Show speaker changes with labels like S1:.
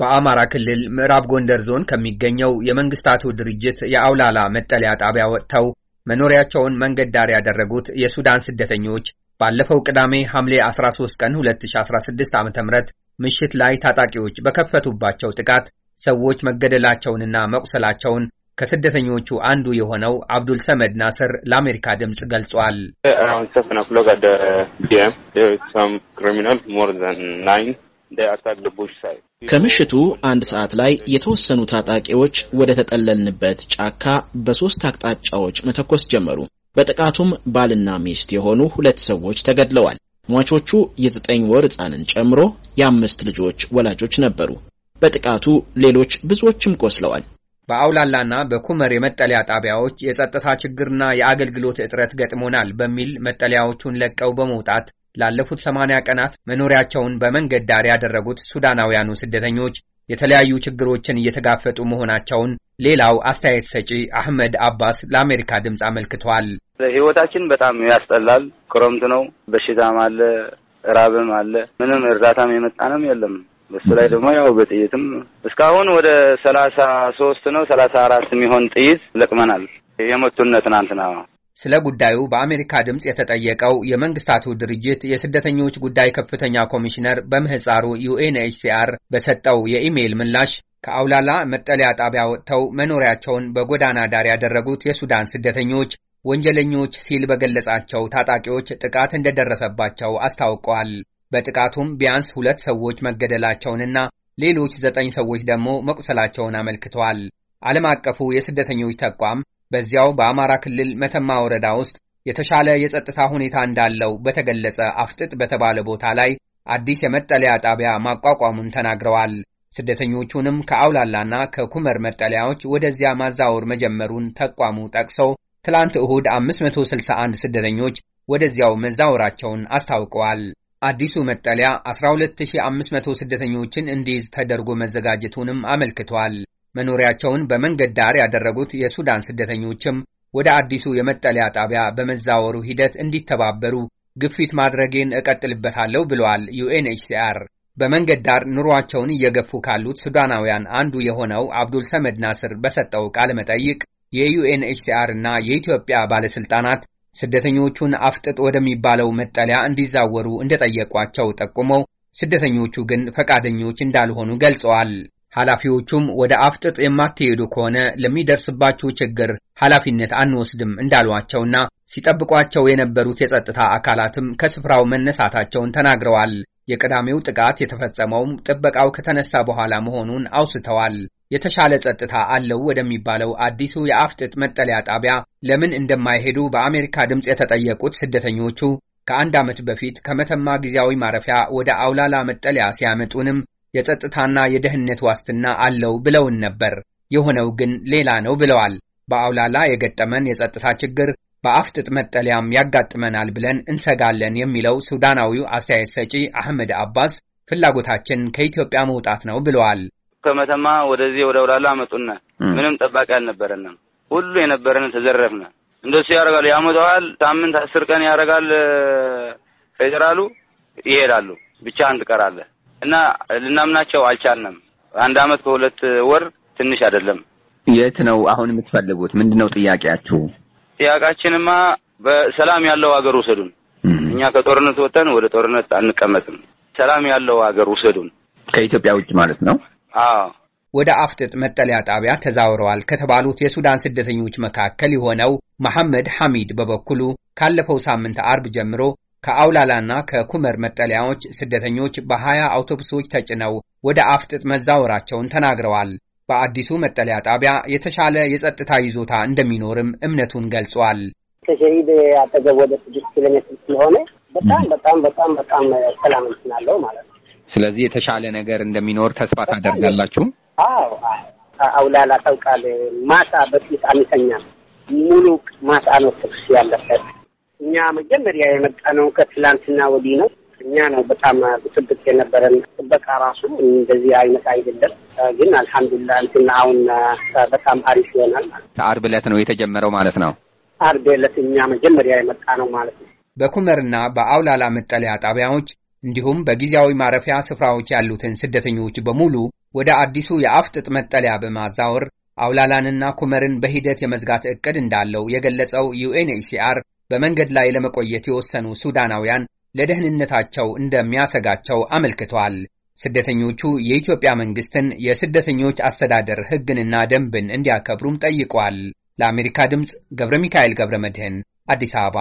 S1: በአማራ ክልል ምዕራብ ጎንደር ዞን ከሚገኘው የመንግስታቱ ድርጅት የአውላላ መጠለያ ጣቢያ ወጥተው መኖሪያቸውን መንገድ ዳር ያደረጉት የሱዳን ስደተኞች ባለፈው ቅዳሜ ሐምሌ 13 ቀን 2016 ዓ ም ምሽት ላይ ታጣቂዎች በከፈቱባቸው ጥቃት ሰዎች መገደላቸውንና መቁሰላቸውን ከስደተኞቹ አንዱ የሆነው አብዱል ሰመድ ናስር ለአሜሪካ ድምፅ ገልጿል። ከምሽቱ አንድ ሰዓት ላይ የተወሰኑ ታጣቂዎች ወደ ተጠለልንበት ጫካ በሦስት አቅጣጫዎች መተኮስ ጀመሩ። በጥቃቱም ባልና ሚስት የሆኑ ሁለት ሰዎች ተገድለዋል። ሟቾቹ የዘጠኝ ወር ሕፃንን ጨምሮ የአምስት ልጆች ወላጆች ነበሩ። በጥቃቱ ሌሎች ብዙዎችም ቆስለዋል። በአውላላና በኩመር የመጠለያ ጣቢያዎች የጸጥታ ችግርና የአገልግሎት እጥረት ገጥሞናል በሚል መጠለያዎቹን ለቀው በመውጣት ላለፉት ሰማንያ ቀናት መኖሪያቸውን በመንገድ ዳር ያደረጉት ሱዳናውያኑ ስደተኞች የተለያዩ ችግሮችን እየተጋፈጡ መሆናቸውን ሌላው አስተያየት ሰጪ አህመድ አባስ ለአሜሪካ ድምፅ አመልክቷል።
S2: ህይወታችን በጣም ያስጠላል። ክረምት ነው፣ በሽታም አለ፣ ራብም አለ። ምንም እርዳታም የመጣንም የለም።
S1: በሱ ላይ ደግሞ ያው በጥይትም
S2: እስካሁን ወደ ሰላሳ ሶስት ነው ሰላሳ አራት የሚሆን ጥይት ለቅመናል። የመቱን ትናንትና
S1: ስለ ጉዳዩ በአሜሪካ ድምፅ የተጠየቀው የመንግስታቱ ድርጅት የስደተኞች ጉዳይ ከፍተኛ ኮሚሽነር በምህፃሩ ዩኤንኤችሲአር በሰጠው የኢሜይል ምላሽ ከአውላላ መጠለያ ጣቢያ ወጥተው መኖሪያቸውን በጎዳና ዳር ያደረጉት የሱዳን ስደተኞች ወንጀለኞች ሲል በገለጻቸው ታጣቂዎች ጥቃት እንደደረሰባቸው አስታውቀዋል። በጥቃቱም ቢያንስ ሁለት ሰዎች መገደላቸውንና ሌሎች ዘጠኝ ሰዎች ደግሞ መቁሰላቸውን አመልክተዋል። ዓለም አቀፉ የስደተኞች ተቋም በዚያው በአማራ ክልል መተማ ወረዳ ውስጥ የተሻለ የጸጥታ ሁኔታ እንዳለው በተገለጸ አፍጥጥ በተባለ ቦታ ላይ አዲስ የመጠለያ ጣቢያ ማቋቋሙን ተናግረዋል። ስደተኞቹንም ከአውላላና ከኩመር መጠለያዎች ወደዚያ ማዛወር መጀመሩን ተቋሙ ጠቅሰው ትላንት እሁድ 561 ስደተኞች ወደዚያው መዛወራቸውን አስታውቀዋል። አዲሱ መጠለያ 12500 ስደተኞችን እንዲይዝ ተደርጎ መዘጋጀቱንም አመልክቷል። መኖሪያቸውን በመንገድ ዳር ያደረጉት የሱዳን ስደተኞችም ወደ አዲሱ የመጠለያ ጣቢያ በመዛወሩ ሂደት እንዲተባበሩ ግፊት ማድረጌን እቀጥልበታለሁ ብለዋል ዩኤንኤችሲአር። በመንገድ ዳር ኑሯቸውን እየገፉ ካሉት ሱዳናውያን አንዱ የሆነው አብዱል ሰመድ ናስር በሰጠው ቃለ መጠይቅ የዩኤንኤችሲአር እና የኢትዮጵያ ባለሥልጣናት ስደተኞቹን አፍጥጥ ወደሚባለው መጠለያ እንዲዛወሩ እንደጠየቋቸው ጠቁመው ስደተኞቹ ግን ፈቃደኞች እንዳልሆኑ ገልጸዋል። ኃላፊዎቹም ወደ አፍጥጥ የማትሄዱ ከሆነ ለሚደርስባችሁ ችግር ኃላፊነት አንወስድም እንዳሏቸውና ሲጠብቋቸው የነበሩት የጸጥታ አካላትም ከስፍራው መነሳታቸውን ተናግረዋል። የቅዳሜው ጥቃት የተፈጸመውም ጥበቃው ከተነሳ በኋላ መሆኑን አውስተዋል። የተሻለ ጸጥታ አለው ወደሚባለው አዲሱ የአፍጥጥ መጠለያ ጣቢያ ለምን እንደማይሄዱ በአሜሪካ ድምፅ የተጠየቁት ስደተኞቹ ከአንድ ዓመት በፊት ከመተማ ጊዜያዊ ማረፊያ ወደ አውላላ መጠለያ ሲያመጡንም የጸጥታና የደህንነት ዋስትና አለው ብለውን ነበር። የሆነው ግን ሌላ ነው ብለዋል። በአውላላ የገጠመን የጸጥታ ችግር በአፍጥጥ መጠለያም ያጋጥመናል ብለን እንሰጋለን የሚለው ሱዳናዊው አስተያየት ሰጪ አህመድ አባስ ፍላጎታችን ከኢትዮጵያ መውጣት ነው ብለዋል።
S2: ከመተማ ወደዚህ ወደ አውላላ አመጡና ምንም ጠባቂ አልነበረንም። ሁሉ የነበረን ተዘረፍነ። እንደሱ ያደርጋሉ፣ ያመጠዋል። ሳምንት አስር ቀን ያደርጋል። ፌዴራሉ ይሄዳሉ። አንድ ትቀራለህ። እና ልናምናቸው አልቻልንም። አንድ አመት ከሁለት ወር ትንሽ አይደለም።
S1: የት ነው አሁን የምትፈልጉት? ምንድነው ጥያቄያችሁ?
S2: ጥያቄያችንማ በሰላም ያለው ሀገር ውሰዱን። እኛ ከጦርነት ወጥተን ወደ ጦርነት አንቀመጥም። ሰላም ያለው ሀገር ውሰዱን።
S1: ከኢትዮጵያ ውጭ ማለት ነው። አዎ። ወደ አፍጥጥ መጠለያ ጣቢያ ተዛውረዋል ከተባሉት የሱዳን ስደተኞች መካከል የሆነው መሐመድ ሐሚድ በበኩሉ ካለፈው ሳምንት አርብ ጀምሮ ከአውላላና ከኩመር መጠለያዎች ስደተኞች በ20 አውቶቡሶች ተጭነው ወደ አፍጥጥ መዛወራቸውን ተናግረዋል። በአዲሱ መጠለያ ጣቢያ የተሻለ የጸጥታ ይዞታ እንደሚኖርም እምነቱን ገልጿል።
S2: ከሸሂድ አጠገብ ወደ ስድስት ኪሎ ሜትር ስለሆነ በጣም በጣም
S1: በጣም በጣም ሰላም እንትናለው ማለት ነው። ስለዚህ የተሻለ ነገር እንደሚኖር ተስፋ ታደርጋላችሁ? አዎ አውላላ ታውቃለህ፣ ማሳ በፊት አንተኛም ሙሉ ማሳ ነው ያለበት እኛ መጀመሪያ ነው ከትላንትና ወዲህ ነው። እኛ ነው በጣም ብጥብጥ የነበረን። ጥበቃ ራሱ እንደዚህ አይነት አይደለም። ግን አልሐምዱላ እንትና አሁን በጣም አሪፍ ይሆናል። አርብ ዕለት ነው የተጀመረው ማለት ነው። አርብ ዕለት እኛ መጀመሪያ የመጣ ነው ማለት ነው። በኩመርና በአውላላ መጠለያ ጣቢያዎች እንዲሁም በጊዜያዊ ማረፊያ ስፍራዎች ያሉትን ስደተኞች በሙሉ ወደ አዲሱ የአፍጥጥ መጠለያ በማዛወር አውላላንና ኩመርን በሂደት የመዝጋት እቅድ እንዳለው የገለጸው ዩኤንኤችሲአር በመንገድ ላይ ለመቆየት የወሰኑ ሱዳናውያን ለደህንነታቸው እንደሚያሰጋቸው አመልክቷል። ስደተኞቹ የኢትዮጵያ መንግስትን የስደተኞች አስተዳደር ሕግንና ደንብን እንዲያከብሩም ጠይቋል። ለአሜሪካ ድምፅ ገብረ ሚካኤል ገብረ መድህን አዲስ አበባ